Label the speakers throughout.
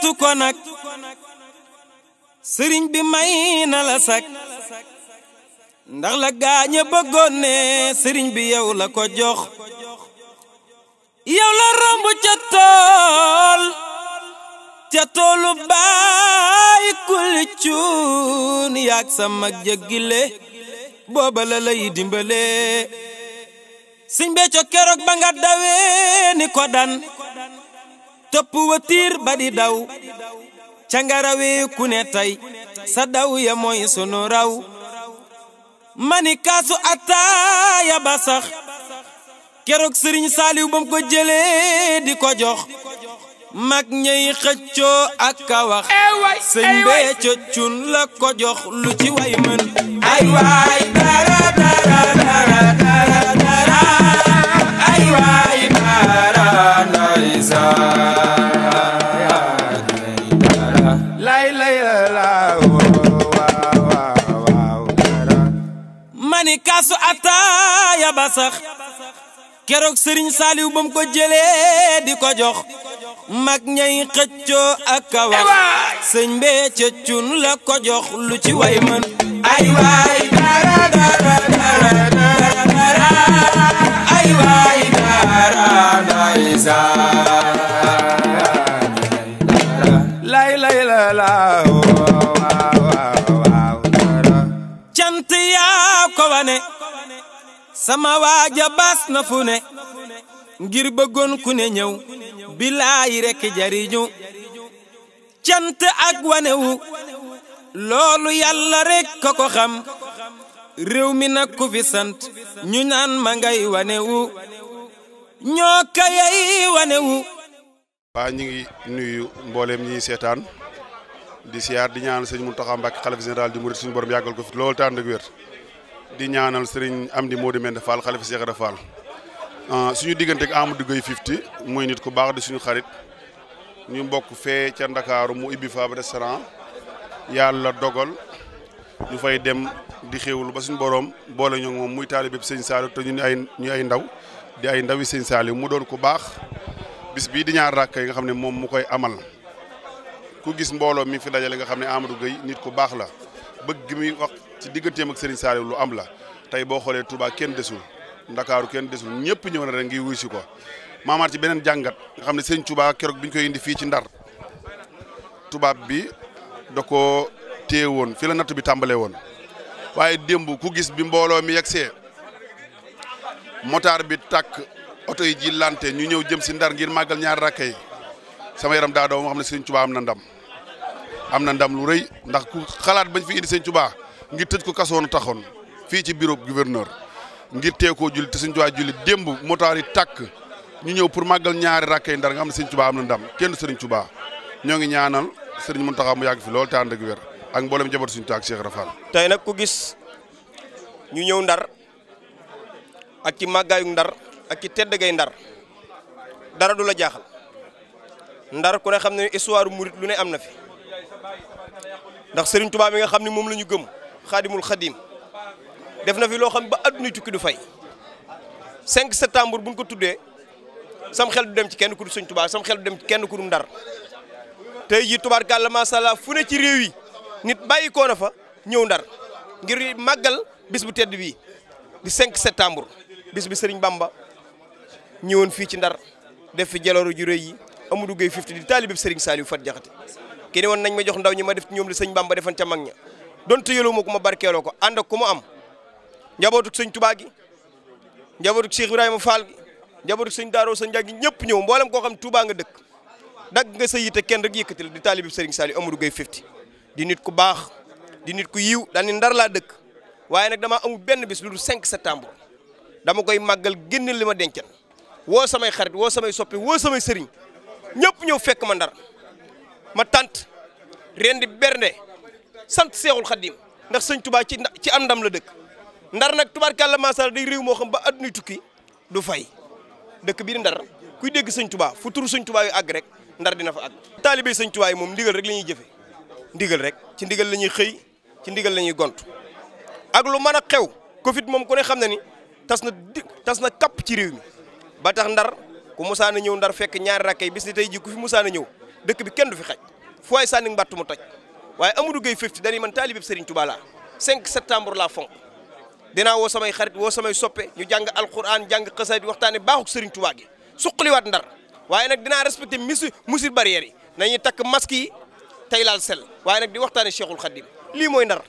Speaker 1: sant ko nag sëriñ bi may na la sak ndax la gaañ a bëggoon ne sëriñ bi yow la ko jox yow la romb ca tool toolu baay kulli cuun yaag sa mag booba la lay dimbale sëñ Béthio keroog ba nga dawee ni topp watiir ba di daw cangarawe ku sa daw ya mooy sunu raw mani kaasu ataaya ba keroog sëriñ saaliw bam ko jëlee di ko jox mag ñey ak ka wax sëñ la ko lu ci way ay waay dara dara dara dara kaasu ataaya ba sax keroog sëriñ saaliw ba ko jëlee di ko jox mag ñay xëccoo ak ka sëñ bee cëccun la ko jox lu ci way mën ay waay dara dara dara dara ay waay dara ndeysaan lay lay la laaw oh. wane sama waaja baas na fu ngir bëggoon ku ne ñëw bilaay rekk jariñu cant ak wanewu loolu yàlla rekk ko xam réew mi nag ku fi sant ñu naan ma ngay wanewu ñoo kayay
Speaker 2: wanewu waa ñu ngi nuyu mbooleem ñi seetaan di siyaar di ñaan sëñ Mountakha Mbacké xalifa général di murid suñu borom yàggal ko fi loolu tànn ak wér di ñaanal am di Amdi Modou Mbende Fall xalifa Cheikh Ibra Fall ah, suñu diggante ak Amadou Gueye Fifty muy nit ku baax di suñu xarit ñu mbokk fee ca Ndakaaru mu ibbi fa ab restaurant yàlla dogal ñu fay dem di xéwlu ba suñu boroom boole ñoo moom muy taalibe bi sëñ Saliou te ñu ay ñu ay ndaw di ay ndawi sëñ Saliou mu doon ku baax bis bii di ñaar rakk yi nga xam ne moom mu koy amal ku gis mbooloo mi fi dajale nga xam ne Amadou Gueye nit ku baax la bëgg mi wax ci digganteem ak Serigne Saliou lu am la tey boo xoolee Touba kenn desul Ndakaaru kenn desul ñëpp ñëw na rek ngi wuy si ko maamaat ci beneen jàngat nga xam ne Serigne Touba keroog bi ñu koy indi fii ci Ndar tubaab bi da ko téye woon fi la natt bi tàmbalee woon waaye démb ku gis bi mbooloo mi yegsee motaar bi tàkk oto yi ji lante ñu ñëw jëm si Ndar ngir màggal ñaar rakka yi sama yaram daa daw xam ne Serigne Touba am na ndam am na ndam lu rey ndax ku xalaat bañ fi indi Serigne Touba ngir tëj ko kasoon taxoon fii ci bureau gouverneur ngir tee koo julli te Sëñ Tuubaa julli démb motaar yi tàkk ñu ñëw pour màggal ñaari rakkay ndar nga xam ne Sëñ Tuubaa am na ndam kenn Sëriñ Tuubaa ñoo ngi ñaanal Sëriñ Muntaxa mu yàgg fi lool te ànd ak wér ak mboolem jabar Sëñ Tuubaa ak Cheikh Rafal tey nag ko gis ñu ñëw ndar
Speaker 3: ak ci màggaayu ndar ak ci tedd gay ndar dara du la jaaxal ndar ku ne xam ne histoire murit lu ne am na fi ndax Sëriñ Tuubaa mi nga xam ne moom la ñu gëm xaadimul xadim def na fi loo xam ba adduna tukki du fay 5 septembre buñ ko tuddee sam xel du dem ci kenn ku dul Sëñ Tuubaa sam xel du dem ci kenn ku dul Ndar tey jii tubaar macha allah fu ne ci réew yi nit bàyyi ko na fa ñëw Ndar ngir màggal bis bu tedd bii di 5 septembre bis bi Sëriñ Bamba ñëwoon fii ci Ndar def fi jalooro ju rëy yi Amadou Gueye fifti di taalibeb Sëriñ Saliou Fat Jaxate kenn woon nañ ma jox ndaw ñi ma def ñoom la Sëñ Bamba defan ca mag ña donte yëloo ma ku ma barkeeloo ko ànd ak ku ma am njabootuk sëñ Tuubaa gi njabootuk Cheikh Ibrahima Fall gi njabootuk sëñ Daaroo sa njag gi ñëpp ñëw mboolem koo xam Tuubaa nga dëkk dagg nga sa yite kenn rek yëkkati la di taalibi Serigne Saliou Amadou Gueye Fifty di nit ku baax di nit ku yiw daal ni ndar laa dëkk waaye nag dama amul benn bis lu dul 5 dama koy màggal génne li ma dencan woo samay xarit woo samay soppe woo samay sëriñ ñëpp ñëw fekk ma ndar ma tant ren di bernde sant seexul xaddim ndax sëñ tubaa ci ci am ndam la dëkk ndar nag tubaarkàlla masala di réew moo xam ba adduna tukki du fay dëkk bii ndar ku dégg sëñ tubaa fu turu sëñ tubaa yu àgg rek ndar dina fa àgg taalibe sëñ tubaa yi moom ndigal rek la ñuy jëfe ndigal rek ci ndigal la ñuy xëy ci ndigal la ñuy gont ak lu mën a xew kofit moom ku ne xam na ni tas na tas na kapp ci réew mi ba tax ndar ku musaana ñëw ndar fekk ñaari rakk yi bis ni tey ji ku fi musaana ñëw dëkk bi kenn du fi xaj fu waay mbattu mu toj waaye Amadou Gueye Fifty dañuy man taalibeb Serigne Touba laa 5 septembre laa fonk dinaa woo samay xarit woo samay soppe ñu jàng alquran jàng xasaay bi waxtaane baaxuk Serigne Touba gi suqaliwaat ndar waaye nag dinaa respecté mesures mesures barrières yi nañuy takk masque yi tey laal sel waaye nag di waxtaane Cheikhul Khadim lii mooy ndar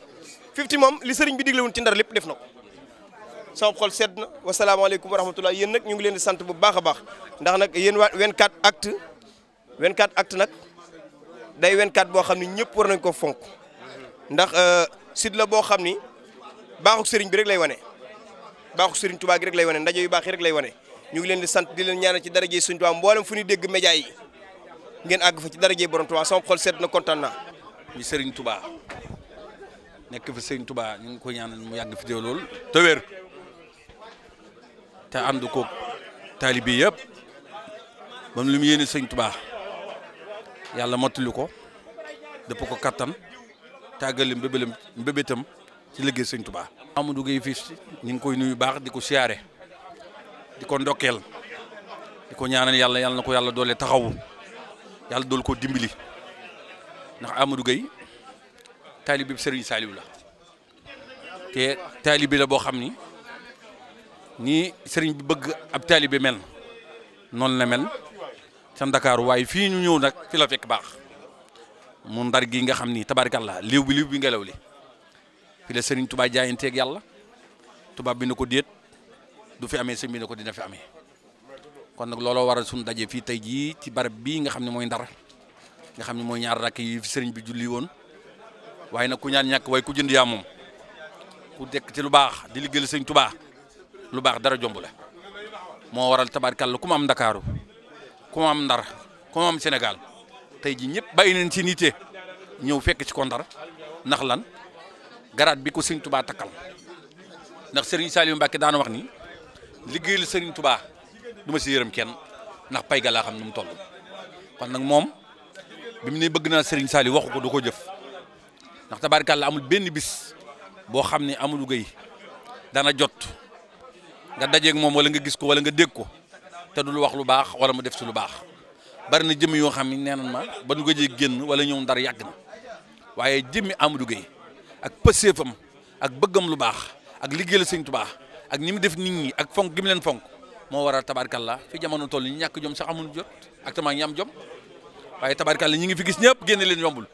Speaker 3: Fifty moom li Serigne bi digle woon ci ndar lépp def na ko sama xol sedd na wasalaamaaleykum wa rahmatulah yéen nag ñu ngi leen di sant bu baax a baax ndax nag yéen waa 24 actu 24 actu nag day wenkaat boo xam ni ñëpp war nañ ko fonk ndax euh, site la boo xam ni baaxu sëriñ bi rek lay wane baaxu sëriñ Tuubaa rek lay wane ndaje yu baax yi rek lay wane ñu ngi leen di sant di leen ñaanal ci darajee Sëriñ Tuubaa mboolem fu ñu dégg média ngeen àgg fa ci darajee borom Tuubaa sama xol sedd na kontaan naa. sëriñ tubaa
Speaker 4: nekk fi sëriñ Tuubaa ñu ngi ko ñaanal mu yàgg fi de lool te wér te ànd ko taalibe yëpp moom lu mu yéene sëriñ Tuubaa yàlla mottali ko dëpp ko kattan tàggali mbébélam mbébétam ci liggéey sëñ Touba. amadu Gueye fis ñu ngi koy nuyu baax di ko siyaare di ko ndokkeel di ko ñaanal yàlla yàlla na ko yàlla doole taxawu yàlla dool ko dimbili ndax Amadou Gueye taalibe Serigne Saliou la te taalibe la boo xam ni nii sëriñ bi bëgg ab taalibe mel noonu la mel. ca Ndakaaru waaye fii ñu ñëw nag fi la fekk baax mu ndar gi nga xam ni tabaarkalla liw bi liw bi ngelaw li fi la Serigne Touba jaayanteeg yàlla tubaab bi na ko déet du fi amee sëñ ko dina fi amee kon nag looloo waral suñu daje fii tey jii ci barab bii nga xam ne mooy ndar nga xam ne mooy ñaar rakk yi sëriñ bi julli woon waaye nag ku ñaan ñàkk waaye ku jënd yaa moom ku dekk ci lu baax di liggéeyal sëñ tubaa lu baax dara jomb la moo waral tabaarkalla ku mu am Ndakaaru ku ma am ndar ku am Sénégal tey ji ñëpp bàyyi nañ seen yitte ñëw fekk ci ko ndar ndax lan garaat bi ko Sëriñ Tubaa takkal ndax Serigne Saliou Mbacke daana wax ni liggéeyal Serigne Tubaa du si yërëm kenn ndax pay ga laa xam nu mu toll kon nag moom bi mu ne bëgg naa sëriñ Saliou waxu ko du ko jëf ndax tabaarkàlla amul benn bis boo xam ne amul gay dana jot nga dajeek moom wala nga gis ko wala nga dégg ko. te du dul wax lu baax wala mu def ci lu baax bari na jëmm yoo xam ne nee ma ba nu gëjee génn wala ñëw ndar yàgg na waaye jëmmi Amadou Gueye ak pëseefam ak bëggam lu baax ak liggéeyal Sëñ Tuubaa ak ni mu def nit ñi ak fonk gim leen fonk moo waral tabarkalla fi jamono toll ñu ñàkk jom sax amul jot ak tamit ñi jom waaye tabarkalla ñi ngi fi gis ñëpp génne leen yombul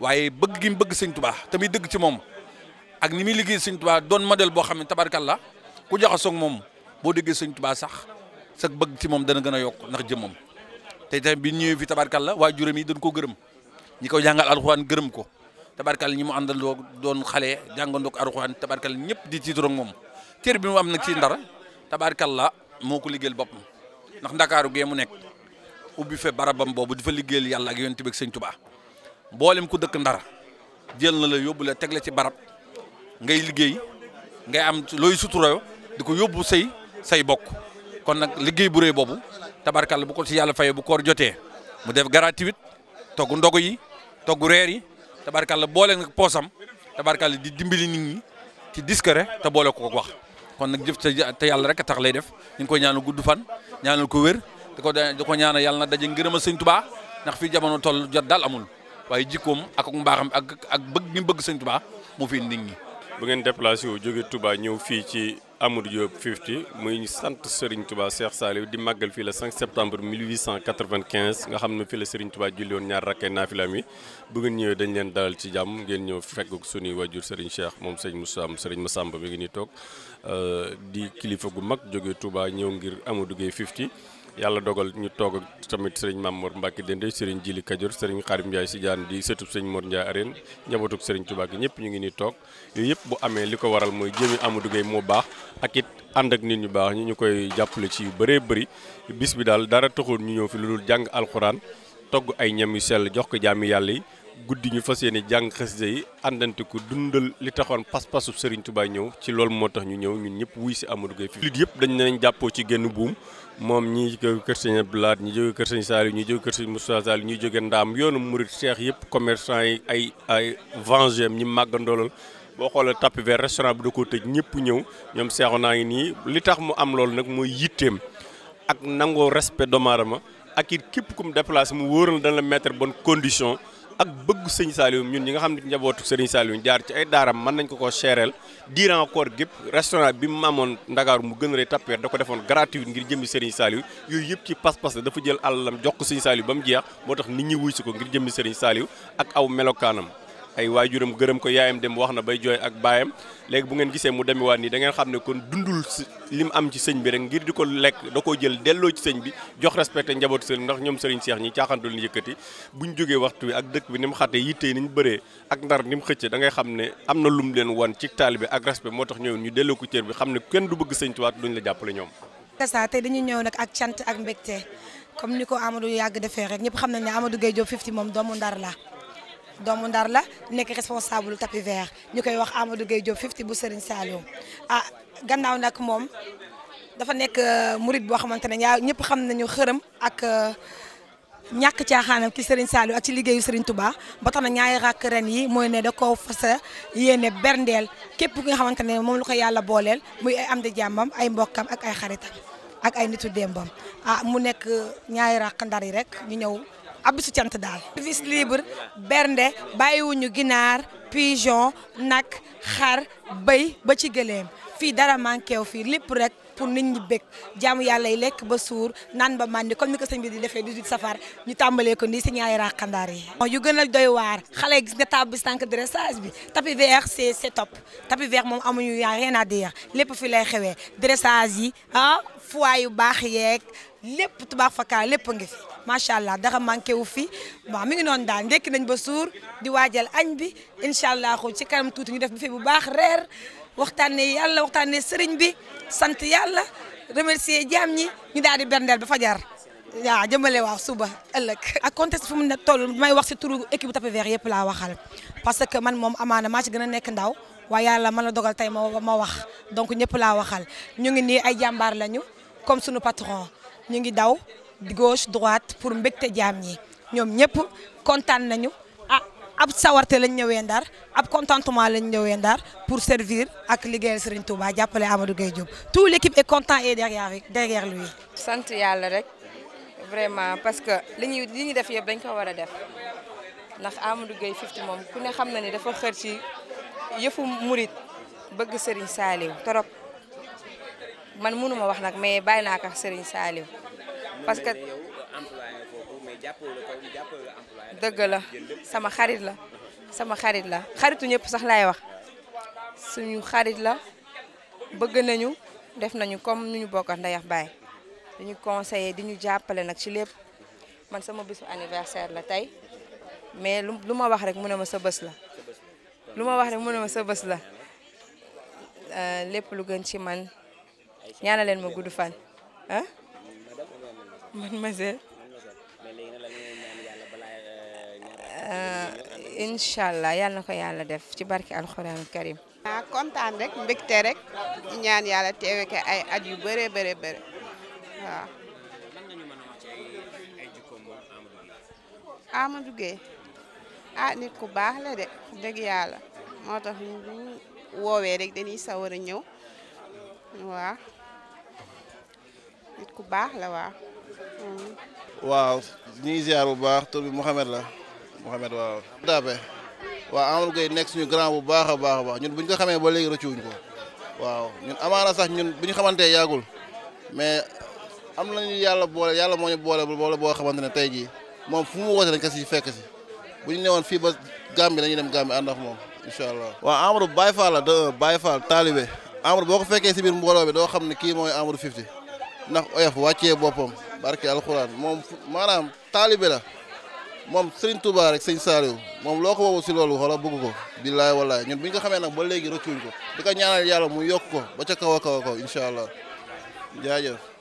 Speaker 4: waaye bëgg gi bëgg Sëñ Tuubaa tamit dëgg ci moom ak ni muy liggéey Sëñ Tuubaa doon modèle boo xam ne tabarkalla ku jaxasoo ak moom boo déggee Sëñ sax sa bëgg ci moom dana gën a yokk ndax jëmmam te tamit bi ñëwee fi tabarkalla waajuram yi dañ koo gërëm ñi ko jàngal alxuraan gërëm ko tabarkalla ñi mu àndandoo doon xale jàngandoo ko alxuraan tabarkalla ñëpp di tiituroo moom cër bi mu am nag ci ndar la moo ko liggéeyal boppam ndax ndakaaru gee mu nekk ubbi fe barabam boobu di fa liggéeyal yàlla ak yoon bi ak sëñ Tuubaa mboolem ku dëkk ndara jël na la yóbbu la teg la ci barab ngay liggéey ngay am looy suturoo di ko yóbbu say say bokk kon nag liggéey bu rëy boobu tabarkàlla bu ko ci yàlla fayee bu koor jotee mu def gratuite togg ndogu yi togg reer yi tabarkàlla boole nag poosam tabarkàlla di dimbali nit ñi ci discret te boole ko ko wax kon nag jëf te yàlla rek a tax lay def ñu koy ñaanal gudd fan ñaanal ko wér di ko da ko ñaanal yàlla na daje a sëñ tubaa ndax fii jamono tol jot daal amul waaye jikkoom ak mbaaxam ak
Speaker 5: ak bëgg ñu bëgg sëñ tubaa mu fi nit ñi bu ngeen déplacé wu jóge Touba ñëw fii ci Amadou Diop 50 muy sant Serigne Touba Cheikh Saliou di màggal fii la 5 septembre 1895 nga xam ne fii la Serigne Touba julli woon ñaar rakkee naafilaam yi bu ngeen ñëwee dañ leen dalal ci jàmm ngeen ñëw fekk suñuy wajur Serigne Cheikh moom sëñ Moussa Serigne Massamba mi ngi nii toog euh, di kilifa gu mag jóge tubaa ñëw ngir Amadou Gueye 50. yàlla dogal ñu toog ak tamit sëriñ Mamour Mbacke Dende sëriñ Jili Kajoor sëriñ Xarim Ndiaye si jaan di sëtub sëriñ Mor Ndiaye arène njabootug sëriñ Touba gi ñëpp ñu ngi nii toog yooyu yëpp bu amee li ko waral mooy jëmi Amadou Gueye moo baax ak it ànd ak nit ñu baax ñi ñu koy jàppale ci yu bëree bëri bis bi daal dara taxul ñu ñëw fi lu dul jàng alxuraan togg ay ñam yu sell jox ko jaami yàlla yi guddi ñu fas yéene jàng xasida yi àndante ko dundal li taxoon pas-pasu Serigne Touba ñëw ci loolu moo tax ñu ñëw ñun ñëpp wuy si Amadou Gueye fi lit yëpp dañ nañ jàppoo ci génn buum moom ñi jóge kër Serigne Blaat ñi jóge kër Serigne Saliou ñi jóge kër Serigne Moustapha Saliou ñi jóge Ndaam yoonu murit seex yëpp commerçant yi ay ay vengem ñi màggandoolal boo xoolee tapis vert restaurant bi da koo tëj ñëpp ñëw ñoom seexu naa ngi nii li tax mu am loolu nag mooy yitteem ak nangoo respect doomu aadama ak it képp kum déplacé mu wóor na mettre bonne condition ak bëgg sëñ Saliou ñun ñi nga xam ne njabootu sëriñ Saliou jaar ci ay daaram mën nañ ko koo seereel diiran koor gépp restaurant bi mu amoon Ndakaaru mu gën a tappeer da ko defoon gratuit ngir jëmmi sëriñ Saliou yooyu yëpp ci pas-pas la dafa jël àlalam jox ko sëñ Saliou ba mu jeex moo tax nit ñi wuy si ko ngir jëmmi sëriñ Saliou ak aw melokaanam ay waajuram gërëm ko yaayam dem wax na bay jooy ak baayam léegi bu ngeen gisee mu demiwaat nii da ngeen xam ne kon dundul lim am ci sëñ bi rek ngir di ko lekk da koo jël delloo ci sëñ bi jox respecté njabootu sëriñ ndax ñoom sëriñ Cheikh ñi caaxantul ñu yëkkati buñ jógee waxtu bi ak dëkk bi ni mu xate yitte ni ñu bëree ak ndar ni mu xëcce da xam ne am na lum leen wan ci taalibe ak respect moo tax ñëw ñu delloo ko cër bi xam ne kenn du bëgg sëñ Tuubaa duñ la jàppale ñoom
Speaker 6: kasa tey dañu ñëw nag ak cant ak mbégte comme ni ko Amadou yàgg defee rek ñëpp xam nañ ne Amadou Gueye Diop doomu ndar la nekk responsable tapis vert ñu koy wax Amadou Gueye Diop fifty bu Serigne Saliou a ah, gannaaw nag moom dafa nekk euh, murit boo xamante ne yaa ñëpp xam nañu xërëm ak euh, ñàkk caaxaanam ki Serigne Saliou ak ci liggéeyu Serigne Touba ba tax na ñaari rakk ren yi mooy ne da koo fasa yéene berndeel képp ki nga xamante ne moom lu ko yàlla booleel muy ay am di jàmmam ay mbokkam ak ay xaritam ak ay nitu démbam ah mu nekk euh, ñaari rakk ndar yi rek ñu ñëw. ab bisu cant daal. service libre bernde bàyyiwuñu ginaar pigeon nag xar bëy ba ci gëléem fii dara manqué wu fii lépp rek pour nit ñi bëgg jaamu yàlla yi lekk ba suur naan ba màndi comme ni ko sëñ bi di defee 18 safar ñu tàmbalee ko ni si ñaari raxandaar yi. yu gën a doy waar xale gis nga table bi sànq dressage bi tapis vert c'est c'est top tapis vert moom amuñu yaa rien à dire lépp fi lay xewee dressage yi ah foie yu baax yeeg lépp tubaax fakkaar lépp a ngi fi. macha allah dara manqué wu fi waaw mi ngi noonu daal ndekki nañ ba suur di waajal añ bi incha allah ci kanam tuuti ñu def bi fi bu baax reer waxtaanee yàlla waxtaanee sëriñ bi sant yàlla remercier jaam ñi ñu daal di berndeel ba fajar waaw jëmale waa suba ëllëg. ak contexte fu mu ne toll may wax si turu équipe Tapis Vert yëpp laa waxal parce que man moom amaana maa ci gën nekk ndaw waa yàlla man la dogal tey ma ma wax donc ñëpp laa waxal ñu ngi nii ay jàmbaar lañu comme sunu patron ñu ngi daw. gauche droite pour mbégte jaam ñi ñoom ñëpp kontaan nañu ah ab sawarte lañ ñëwee Ndar ab contentement lañ ñëwee Ndar pour servir ak liggéeyal Serigne Touba jàppale Amadou Gueye Diop
Speaker 7: tout l'équipe est content et derrière derrière lui. sant yàlla rek vraiment parce que li ñuy li ñuy def yëpp dañ ko war a def ndax Amadou Gueye Fifty moom ku ne xam na ni dafa xër ci yëfu murit bëgg Serigne Saliou trop man mënuma wax nag mais bàyyi naa ko Serigne Saliou.
Speaker 3: parce que dëgg la
Speaker 7: sama xarit la sama xarit la xaritu ñëpp sax laay wax suñu xarit la bëgg nañu def nañu comme nu ñu bokk ndayax baay ñu conseiller di ñu jàppale nag ci lépp man sama bésu anniversaire la tey mais lu ma wax rek mu ne ma sa bës la lu ma wax ne ma sa bés la euh, lépp lu gën ci man leen ma gudd fan
Speaker 2: man ma seet.
Speaker 7: Euh, yal na ko yàlla def ci barki alxuraan karim. ah kontaan rek mbégte rek di ñaan yàlla teewe ko ay at yu bëree bëri bëri waaw. Amadou Gueye ah nit ku baax la de dëgg yàlla moo tax ñu woowee rek dañuy sawar a ñëw waaw nit ku baax la waa
Speaker 2: waaw ñu ngi ziar bu baax tur bi Mouhamed la Mouhamed waaw. Daabe waaw Amadou Gueye nekk suñu grand bu baax a baax a ñun bu ñu ko xamee ba léegi rëccuwuñ ko waaw ñun amaana sax ñun bu ñu xamantee yàggul mais am nañu yàlla boole yàlla moo ñu boole boole boo xamante ne tey jii moom fu mu woote dañ fekk si bu ñu newoon fii ba Gambie dañuy dem Gambie ànd ak moom incha allah. waaw Amadou Baye Fall la de Baye Fall taalibe Amadou boo ko fekkee si biir mbooloo bi doo xam ne kii mooy Amadou Fifty ndax oyof wàccee boppam. barke alxuraan moom maanaam taalibe la moom Serigne Touba rek sëñ Saliou moom loo ko woowu si loolu xoola bëgg ko billaay wallaay ñun bi ñu xamee nag ba léegi rëccuñ ko di ka ñaanal yàlla mu yokk ko ba ca kaw a kaw a kaw allah jaajëf